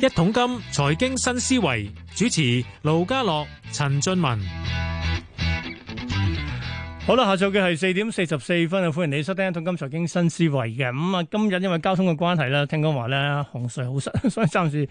一桶金財經新思維，主持盧家樂、陳俊文。好啦，下晝嘅，係四點四十四分啊，歡迎你收聽《通金財經新思維》嘅。咁啊，今日因為交通嘅關係咧，聽講話咧紅隧好塞，所以暫時誒，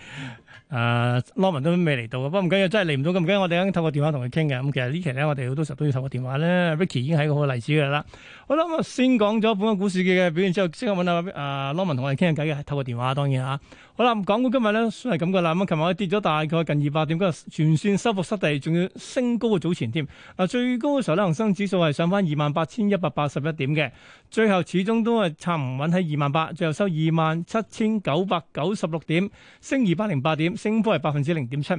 羅、呃、文、呃、都未嚟到。不過唔緊要緊，真係嚟唔到咁，我哋應該透過電話同佢傾嘅。咁、嗯、其實期呢期咧，我哋好多時候都要透過電話咧。Ricky 已經係個好嘅例子噶啦。好啦，咁啊先講咗本港股市嘅表現之後，即刻揾下誒羅文同我哋傾下偈嘅，透過電話當然吓、啊。好啦，咁講到今日咧係咁嘅啦，咁啊，琴日跌咗大概近二百點，今日全線收復失地，仲要升高過早前添。啊，最高嘅時候咧，恒生指數係上翻二萬八千一百八十一點嘅，最後始終都係撐唔穩喺二萬八，最後收二萬七千九百九十六點，升二百零八點，升幅係百分之零點七五。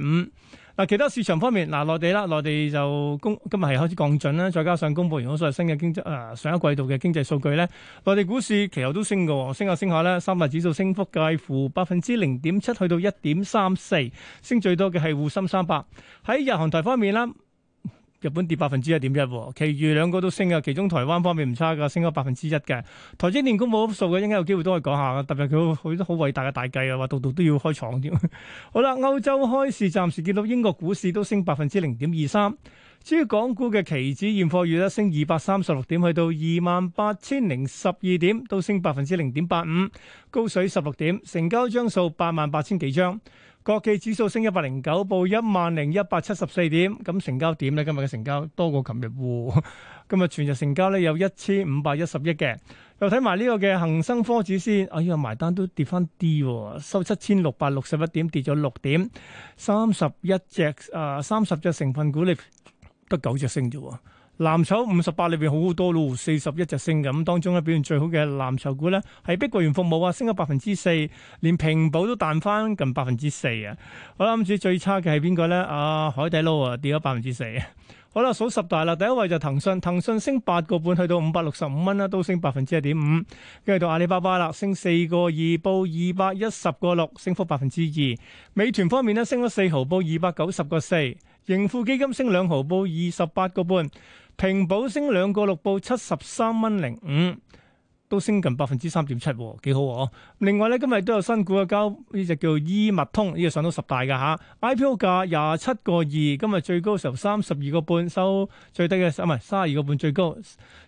嗱，其他市場方面，嗱，內地啦，內地就今今日係開始降準啦，再加上公布完咗最新嘅經啊、呃、上一季度嘅經濟數據咧，內地股市其後都升嘅，升下升下咧，三百指數升幅介乎百分之零點七去到一點三四，34, 升最多嘅係滬深三百。喺日韓台方面啦。日本跌百分之一點一，其餘兩個都升嘅，其中台灣方面唔差噶，升咗百分之一嘅。台積電公布數嘅，應該有機會都可以講下嘅，特別佢佢都好偉大嘅大計啊，話度度都要開廠添。 好啦，歐洲開市，暫時見到英國股市都升百分之零點二三。至於港股嘅期指現貨月咧，升二百三十六點，去到二萬八千零十二點，都升百分之零點八五，高水十六點，成交張數八萬八千幾張。國企指數升一百零九，報一萬零一百七十四點，咁成交點咧今日嘅成交多過琴日喎，今日全日成交咧有一千五百一十億嘅。又睇埋呢個嘅恒生科指先，哎呀埋單都跌翻啲，收七千六百六十一點，跌咗六點，三十隻啊三十隻成分股力。得九隻升啫喎，藍籌五十八裏邊好多咯，四十一隻升嘅，咁當中咧表現最好嘅藍籌股咧係碧桂園服務啊，升咗百分之四，連平保都彈翻近百分之四啊。好啦，咁至於最差嘅係邊個咧？啊，海底撈啊，跌咗百分之四啊。好啦，數十大啦，第一位就騰訊，騰訊升八個半，去到五百六十五蚊啦，都升百分之一點五。跟住到阿里巴巴啦，升四個二，報二百一十個六，升幅百分之二。美團方面咧，升咗四毫，報二百九十個四。盈富基金升兩毫，報二十八個半；平保升兩個六，報七十三蚊零五，都升近百分之三點七，幾好喎、啊。另外咧，今日都有新股嘅交呢隻、這個、叫醫脈通，呢、這個上到十大嘅吓、啊、IPO 價廿七個二，今日最高時候三十二個半，收最低嘅唔係三十二個半，最高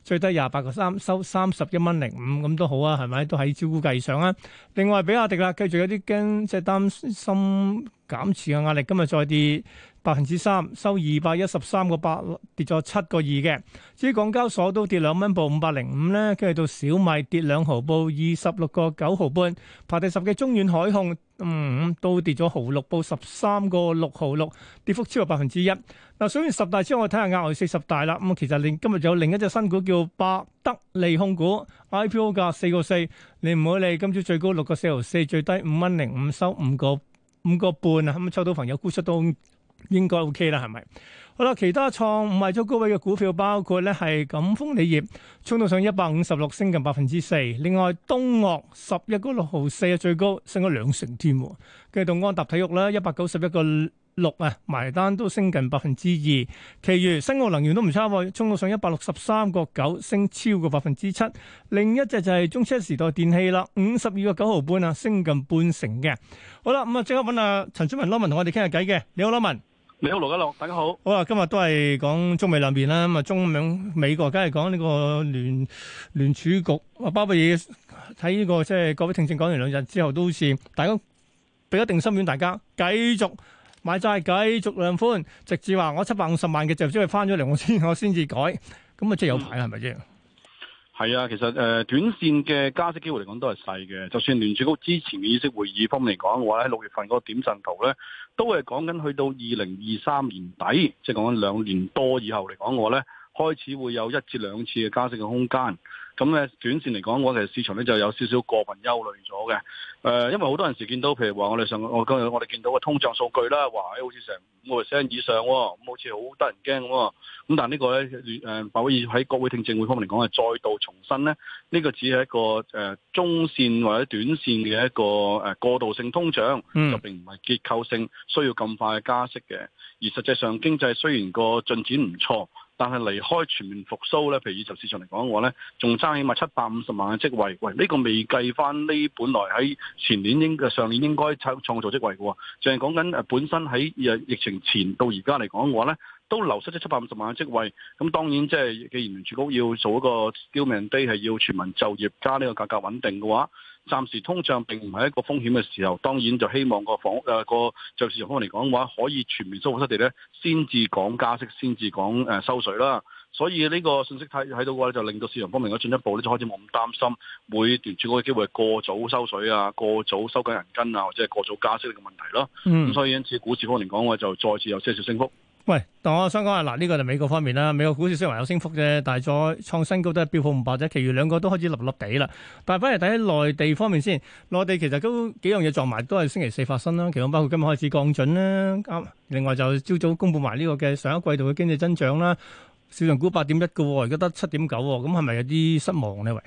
最低廿八個三，收三十一蚊零五咁都好啊，係咪都喺招股價上啊？另外比亞迪啦，繼續有啲驚，即係擔心減持嘅壓力，今日再跌。百分之三，收二百一十三個八，跌咗七個二嘅。至於港交所都跌兩蚊，報五百零五咧。跟住到小米跌兩毫，報二十六個九毫半，排第十嘅中遠海控，嗯都跌咗毫六，報十三個六毫六，跌幅超過百分之一。嗱，所以十大之後，我睇下額外四十大啦。咁其實另今日就有另一隻新股叫百得利控股，IPO 價四個四，你唔好理。今朝最高六個四毫四，最低五蚊零五，收五個五個半啊！咁抽到朋友沽出到。應該 OK 啦，係咪？好啦，其他創五萬足高位嘅股票包括咧，係贛鋒鋰業，衝到上一百五十六，升近百分之四。另外東岳十一個六毫四嘅最高，升咗兩成添。跟住到安踏體育啦，一百九十一個六啊，埋單都升近百分之二。其餘新奧能源都唔差，衝到上一百六十三個九，升超過百分之七。另一隻就係中車時代電氣啦，五十二個九毫半啊，升近半成嘅。好啦，咁啊，即刻揾阿陳俊文 lawman 同我哋傾下偈嘅，你好 lawman。你好，羅家樂，大家好。好啊，今日都係講中美兩邊啦。咁啊，中美美國梗係講呢個聯聯儲局啊，鮑比爾睇呢個即係國會聽證講完兩日之後，都好似大家俾一定心丸，大家繼續買債，繼續量寬，直至話我七百五十萬嘅就將佢翻咗嚟，我先我先至改。咁啊，即係有排啦，係咪先？係啊，其實誒、呃、短線嘅加息機會嚟講都係細嘅。就算聯儲局之前嘅議息會議方面嚟講嘅話，喺六月份嗰個點陣圖咧，都係講緊去到二零二三年底，即係講緊兩年多以後嚟講嘅話咧，開始會有一至兩次嘅加息嘅空間，咁咧短線嚟講我其實市場咧就有少少過分憂慮咗嘅。誒、呃，因為好多人時見到，譬如話我哋上我今日我哋見到嘅通脹數據啦，話好似成五 percent 以上、哦，咁好似好得人驚咁。咁但係呢個咧誒，白偉喺國會聽證會方面嚟講係再度重申咧，呢、這個只係一個誒、呃、中線或者短線嘅一個誒、呃、過渡性通脹，就、嗯、並唔係結構性需要咁快嘅加息嘅。而實際上經濟雖然個進展唔錯。但係離開全面復甦咧，譬如二十市場嚟講嘅話咧，仲爭起碼七百五十萬嘅職位，喂，呢、呢個未計翻呢，本來喺前年應嘅上年應該創創造職位嘅喎，就係講緊本身喺誒疫情前到而家嚟講嘅話咧，都流失咗七百五十萬嘅職位，咁當然即係既然聯儲局要做一個 dual mandate 係要全民就業加呢個價格穩定嘅話。暫時通脹並唔係一個風險嘅時候，當然就希望個房誒、呃、個就市場方面嚟講嘅話，可以全面收復失地，咧，先至講加息，先至講誒收水啦。所以呢個信息睇睇到嘅話，就令到市場方面嘅進一步咧，就開始冇咁擔心每段轉股嘅機會過早收水啊，過早收緊銀根啊，或者係過早加息嘅問題咯。咁、mm. 所以因此股市方面嚟講嘅話就再次有些少升幅。喂，但我想講下，嗱，呢、這個就美國方面啦。美國股市雖然有升幅啫，但係再創新高都係標普五百啫。其餘兩個都開始立立地啦。但係翻嚟睇內地方面先，內地其實都幾樣嘢撞埋，都係星期四發生啦。其中包括今日開始降準啦，啊、另外就朝早公布埋呢個嘅上一季度嘅經濟增長啦。市場股八、哦哦、點一個，而家得七點九，咁係咪有啲失望呢？喂？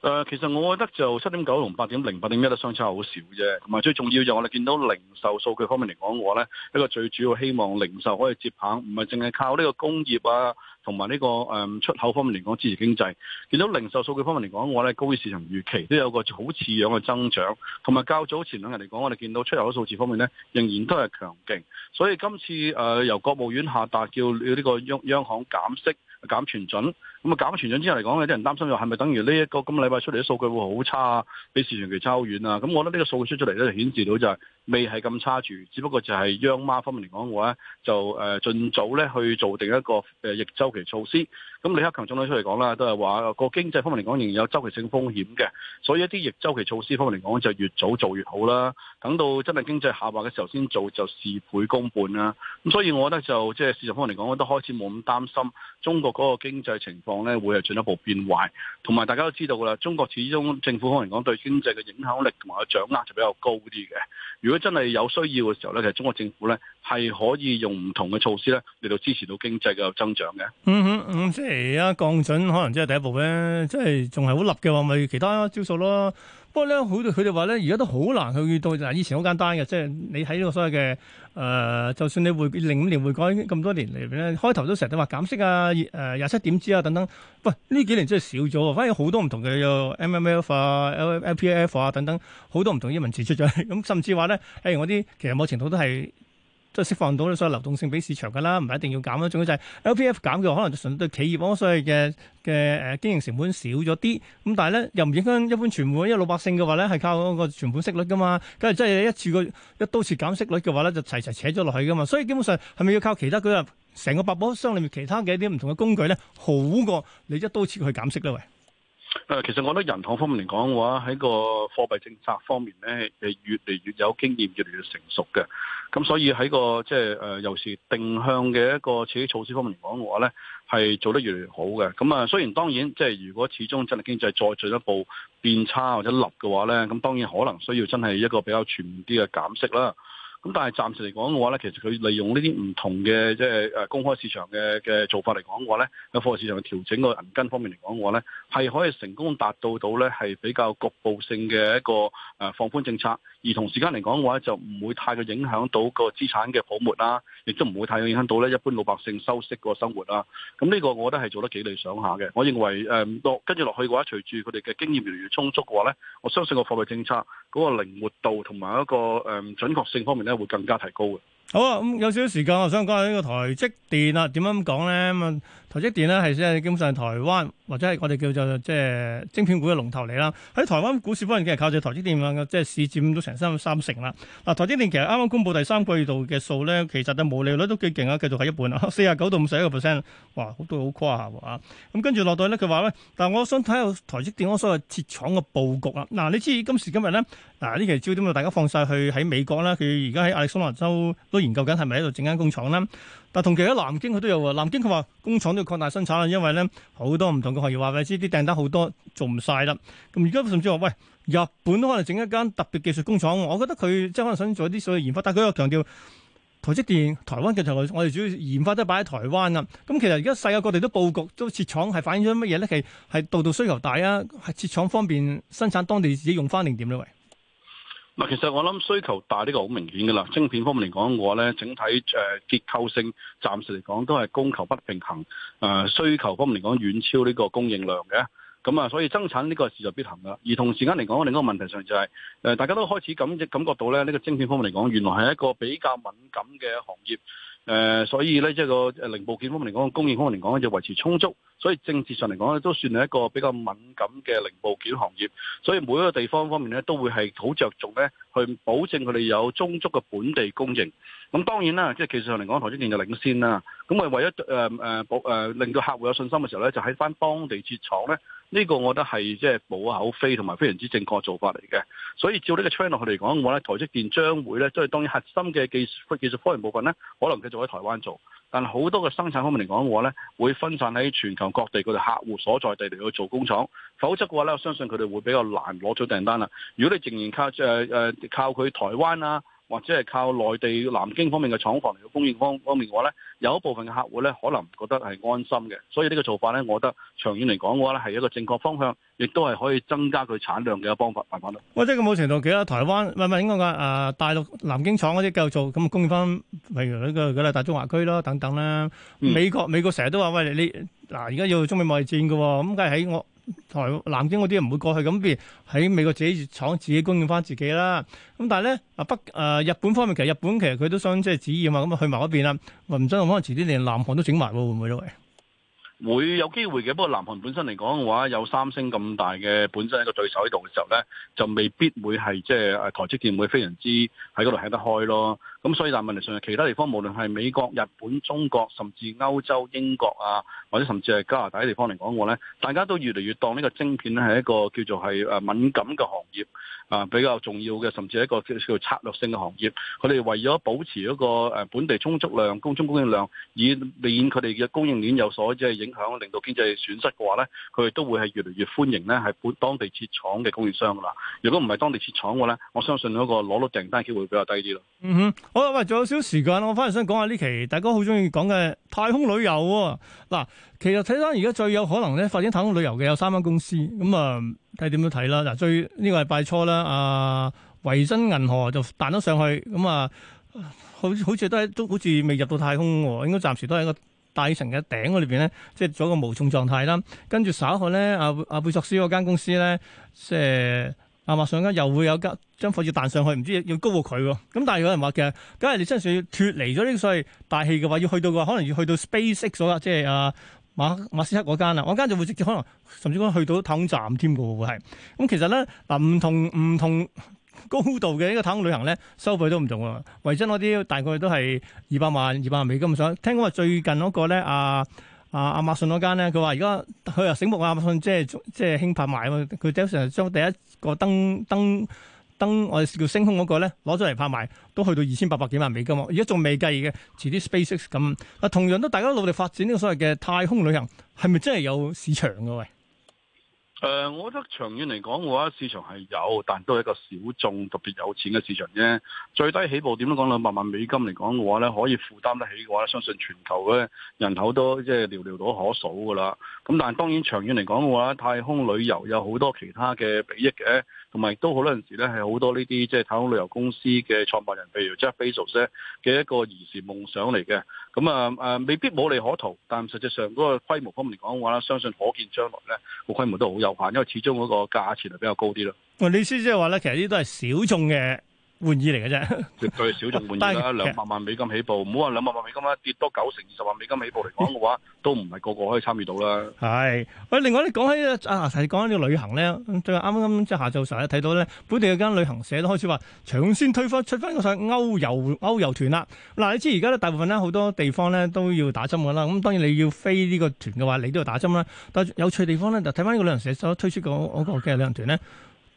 誒、呃,其實我覺得就七點九同八點零、八點一咧相差好少啫，同埋最重要就我哋見到零售數據方面嚟講嘅話，我咧一個最主要希望零售可以接棒，唔係淨係靠呢個工業啊。同埋呢個誒出口方面嚟講支持經濟，見到零售數據方面嚟講，嘅話呢，高於市場預期，都有個好似樣嘅增長。同埋較早前兩日嚟講，我哋見到出口數字方面呢，仍然都係強勁。所以今次誒由國務院下達叫呢個央央行減息減存準，咁啊減存準之後嚟講，有啲人擔心就係咪等於呢一個今個禮拜出嚟嘅數據會好差，比市場期差好遠啊？咁我覺得呢個數據出出嚟呢，就顯示到就係未係咁差住，只不過就係央媽方面嚟講，嘅話呢就誒盡早呢去做定一個誒逆週措施，咁李克強總理出嚟講啦，都係話個經濟方面嚟講仍然有周期性風險嘅，所以一啲逆周期措施方面嚟講就越早做越好啦。等到真係經濟下滑嘅時候先做就事倍功半啦。咁所以我覺得就即係市場方面嚟講，我都開始冇咁擔心中國嗰個經濟情況咧會係進一步變壞。同埋大家都知道噶啦，中國始終政府方面嚟講對經濟嘅影響力同埋掌握就比較高啲嘅。如果真係有需要嘅時候咧，其實中國政府咧係可以用唔同嘅措施咧嚟到支持到經濟嘅增長嘅，嗯。嗯哼，咁即係而家降準可能即係第一步咧，即係仲係好立嘅話，咪、就是、其他招數咯。不過咧，好似佢哋話咧，而家都好難去遇到嗱，以前好簡單嘅，即係你喺呢個所謂嘅。誒、呃，就算你回零五年回改咁多年嚟咧，開頭都成日都話減息啊，誒廿七點子啊等等。喂，呢幾年真係少咗喎，反而好多唔同嘅 MMLF 啊、LPLF 啊等等，好多唔同英文字出咗嚟。咁 甚至話咧，例、欸、我啲其實某程度都係。都釋放到咧，所有流動性俾市場噶啦，唔係一定要減啦。仲要就係 L P F 減嘅話，可能就純對企業咯，所以嘅嘅誒經營成本少咗啲。咁但係咧，又唔影響一般存款，因為老百姓嘅話咧係靠嗰個存款息率噶嘛。咁啊，真係一次過一刀切減息率嘅話咧，就齊齊扯咗落去噶嘛。所以基本上係咪要靠其他嗰個成個百寶箱裏面其他嘅一啲唔同嘅工具咧，好過你一刀切去減息咧？喂！誒，其實我覺得銀行方面嚟講嘅話，喺個貨幣政策方面咧，係越嚟越有經驗，越嚟越成熟嘅。咁所以喺個即係誒，呃、尤其是定向嘅一個刺激措施方面嚟講嘅話咧，係做得越嚟越好嘅。咁啊，雖然當然即係如果始終真係經濟再進一步變差或者立嘅話咧，咁當然可能需要真係一個比較全面啲嘅減息啦。咁但係暫時嚟講嘅話咧，其實佢利用呢啲唔同嘅即係誒公開市場嘅嘅做法嚟講嘅話咧，喺貨幣市場調整個銀根方面嚟講嘅話咧，係可以成功達到到咧係比較局部性嘅一個誒放寬政策。而同時間嚟講嘅話，就唔會太過影響到個資產嘅泡沫啦，亦都唔會太過影響到咧一般老百姓收息個生活啦。咁、這、呢個我覺得係做得幾理想下嘅。我認為誒落、嗯、跟住落去嘅話，隨住佢哋嘅經驗越嚟越充足嘅話咧，我相信個貨幣政策嗰個靈活度同埋一個誒準確性方面咧，會更加提高嘅。好啊，咁有少少時間，我想講下呢個台積電啊，點樣講咧咁啊？台積電咧係即係基本上係台灣或者係我哋叫做即係晶片股嘅龍頭嚟啦。喺台灣股市方面，其實靠住台積電啊，即係市佔都成三三成啦。嗱，台積電其實啱啱公布第三季度嘅數咧，其實嘅毛利率都幾勁啊，繼續係一半啊，四十九到五十一個 percent，哇，都好誇、啊嗯、下喎。咁跟住落袋咧，佢話咧，但係我想睇下台積電嗰所設廠嘅佈局啦。嗱、啊，你知今時今日咧，嗱、啊、呢期焦點啊，大家放晒去喺美國啦，佢而家喺亞利桑那州都研究緊係咪喺度整間工廠啦。同期喺南京佢都有啊。南京佢話工廠都要擴大生產啦，因為咧好多唔同嘅行業話俾你知，啲訂單好多做唔晒啦。咁而家甚至話喂，日本都可能整一間特別技術工廠。我覺得佢即係可能想做啲所謂研發，但佢又強調台積電、台灣嘅台，我哋主要研發都擺喺台灣啊。咁其實而家世界各地都布局都設廠，係反映咗乜嘢咧？係係度度需求大啊？係設廠方便生產當地自己用翻定點咧？喂？唔，其實我諗需求大呢個好明顯㗎啦。晶片方面嚟講，我咧整體誒、呃、結構性，暫時嚟講都係供求不平衡，誒、呃、需求方面嚟講遠超呢個供應量嘅。咁啊，所以增產呢個事在必行啦。而同時間嚟講，另一個問題上就係、是、誒、呃、大家都開始感感覺到咧，呢、這個晶片方面嚟講，原來係一個比較敏感嘅行業。誒、呃，所以呢，即係個零部件方面嚟講，供應方面嚟講，就維持充足，所以政治上嚟講咧，都算係一個比較敏感嘅零部件行業，所以每一個地方方面咧，都會係好着重呢。去保證佢哋有充足嘅本地供應，咁當然啦，即係技術上嚟講，台積電就領先啦。咁我為咗誒誒保誒、呃、令到客戶有信心嘅時候咧，就喺返當地設廠咧，呢、這個我覺得係即係冇口飛同埋非常之正確做法嚟嘅。所以照呢個 train 落去嚟講咧，台積電將會咧即係當然核心嘅技術技術科研部分咧，可能繼續喺台灣做。但好多嘅生產方面嚟講，嘅話咧會分散喺全球各地佢哋客戶所在地嚟去做工廠，否則嘅話咧，我相信佢哋會比較難攞到訂單啦。如果你仍然靠誒誒、呃、靠佢台灣啊。或者係靠內地南京方面嘅廠房嚟到供應方方面嘅話咧，有一部分嘅客戶咧可能唔覺得係安心嘅，所以呢個做法咧，我覺得長遠嚟講嘅話咧係一個正確方向，亦都係可以增加佢產量嘅一個方法慢慢咯。喂，即係咁冇程度幾多？台灣唔係唔係應該個大陸南京廠嗰啲夠做咁供應返譬如嗰個嘅啦，大中華區啦等等啦。美國美國成日都話喂你嗱，而家要中美貿易戰嘅喎，咁梗係喺我。台南京嗰啲唔會過去，咁不如喺美國自己廠自己供應翻自己啦。咁但係咧啊北誒、呃、日本方面，其實日本其實佢都想即係旨意啊，咁、嗯、啊去埋嗰邊啦。雲吞可能遲啲連南韓都整埋喎，會唔會咧？會有機會嘅，不過南韓本身嚟講嘅話，有三星咁大嘅本身一個對手喺度嘅時候咧，就未必會係即係台積電會非常之喺嗰度吃得開咯。咁所以但係問題上，其他地方無論係美國、日本、中國，甚至歐洲、英國啊，或者甚至係加拿大啲地方嚟講嘅話咧，大家都越嚟越當呢個晶片咧係一個叫做係誒敏感嘅行業啊，比較重要嘅，甚至係一個叫做策略性嘅行業。佢哋為咗保持嗰個本地充足量、供應量，以免佢哋嘅供應鏈有所即係影響，令到經濟損失嘅話咧，佢哋都會係越嚟越歡迎咧係本地設廠嘅供應商啦。如果唔係當地設廠嘅話咧，我相信嗰個攞到訂單機會比較低啲咯。嗯哼。好我、哦、喂，仲有少少時間，我反而想講下呢期大家好鍾意講嘅太空旅遊、哦。嗱，其實睇翻而家最有可能咧發展太空旅遊嘅有三間公司，咁啊睇點樣睇啦？嗱，最呢個係拜初啦，阿、啊、維珍銀河就彈咗上去，咁、嗯、啊好好似都係都好似未入到太空喎、哦，應該暫時都喺個大城嘅頂嗰裏邊咧，即、就、係、是、做一個無重狀態啦。跟住稍後咧，阿、啊、阿、啊、貝索斯嗰間公司咧，即係。阿、啊、馬上間又會有間將火箭彈上去，唔知要高過佢喎。咁但係有人話嘅，梗係你真係要脱離咗呢個所謂大氣嘅話，要去到嘅話，可能要去到 SpaceX 所啦，即係阿馬馬斯克嗰間啊。我間就會直接可能甚至去到太空站添㗎喎，會係。咁、嗯、其實咧，嗱唔同唔同高度嘅呢個太空旅行咧，收費都唔同啊。維珍嗰啲大概都係二百萬、二百萬美金咁上。聽講話最近嗰個咧，阿、啊啊！亞馬遜嗰間咧，佢話而家佢又醒目啊！亞馬遜即係即係興拍賣啊！佢通常將第一個登登登，我哋叫星空嗰個咧攞咗嚟拍賣，都去到二千八百幾萬美金喎。而家仲未計嘅，遲啲 SpaceX 咁啊，同樣都大家都努力發展呢個所謂嘅太空旅行，係咪真係有市場㗎喂？誒、呃，我覺得長遠嚟講嘅話，市場係有，但都係一個小眾，特別有錢嘅市場啫。最低起步點都講兩百萬美金嚟講嘅話咧，可以負擔得起嘅話咧，相信全球嘅人口都即係寥寥到可數噶啦。咁但係當然長遠嚟講嘅話，太空旅遊有好多其他嘅裨益嘅。同埋都好多陣時咧，係好多呢啲即係太空旅遊公司嘅創辦人，譬如 Jeff Bezos 咧嘅一個兒時夢想嚟嘅。咁啊誒，未必冇利可圖，但實際上嗰個規模方面嚟講嘅話，相信可見將來咧個規模都好有限，因為始終嗰個價錢係比較高啲咯。你意思即係話咧，其實呢啲都係小眾嘅。玩意嚟嘅啫，絕對係少眾玩意啦。兩百萬美金起步，唔好話兩百萬美金啦，跌多九成二十萬美金起步嚟講嘅話，都唔係個個可以參與到啦。係，喂，另外咧，講起啊，講緊呢個旅行咧，最近啱啱即係下晝時候咧睇到咧，本地有間旅行社都開始話搶先推翻出翻個上歐遊歐遊團啦。嗱，你知而家咧，大部分咧好多地方咧都要打針嘅啦。咁當然你要飛呢個團嘅話，你都要打針啦。但係有趣地方咧，就睇翻呢個旅行社所推出個嗰個嘅旅行團咧，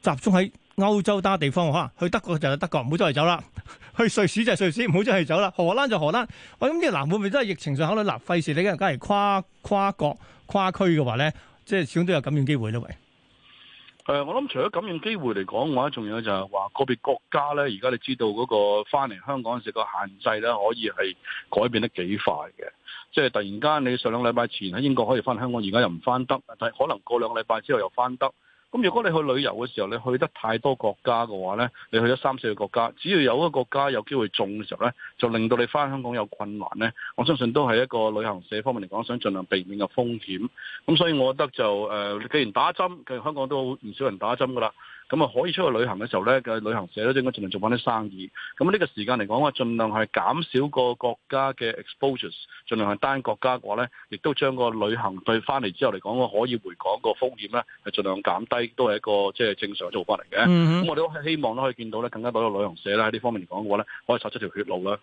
集中喺。歐洲打地方啊，去德國就係德國，唔好再嚟走啦；去瑞士就係瑞士，唔好再嚟走啦；荷蘭就荷蘭。我諗即係嗱，會唔會都係疫情上考慮？嗱、啊，費事你人梗係跨跨國跨區嘅話咧，即係始終都有感染機會咧？喂。誒，我諗除咗感染機會嚟講嘅話，仲有就係話個別國家咧，而家你知道嗰個翻嚟香港時個限制咧，可以係改變得幾快嘅。即係突然間，你上兩禮拜前喺英國可以翻香港，而家又唔翻得，但係可能過兩個禮拜之後又翻得。咁如果你去旅遊嘅時候，你去得太多國家嘅話呢，你去咗三四個國家，只要有一個國家有機會中嘅時候呢，就令到你返香港有困難呢。我相信都係一個旅行社方面嚟講，想盡量避免嘅風險。咁所以，我覺得就誒、呃，既然打針，其實香港都唔少人打針噶啦。咁啊，可以出去旅行嘅時候咧，嘅旅行社都應該盡量做翻啲生意。咁呢個時間嚟講啊，儘量係減少個國家嘅 exposures，儘量係單國家嘅話咧，亦都將個旅行對翻嚟之後嚟講，可以回港個風險咧係儘量減低，都係一個即係正常做法嚟嘅。咁、mm hmm. 我哋都希望都可以見到咧，更加多嘅旅行社咧喺呢方面嚟講嘅話咧，可以殺出條血路啦。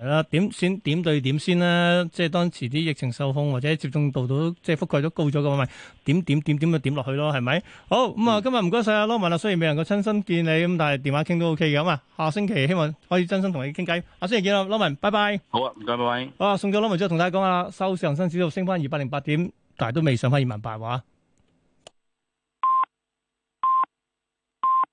係啦，點先點對點先啦，即係當時啲疫情受控或者接種度都即係覆蓋咗高咗咁，咪點，點點點點就點落去咯，係咪？好咁啊，嗯嗯、今日唔該晒阿羅文啊，雖然未能夠親身見你，咁但係電話傾都 OK 嘅嘛。下星期希望可以真心同你傾偈。下星期見啦羅文、啊，拜拜。好啊，唔該，拜拜。好啊，送咗羅文之後，同大家講下，收市恆生指數升翻二百零八點，但係都未上翻二萬八啊。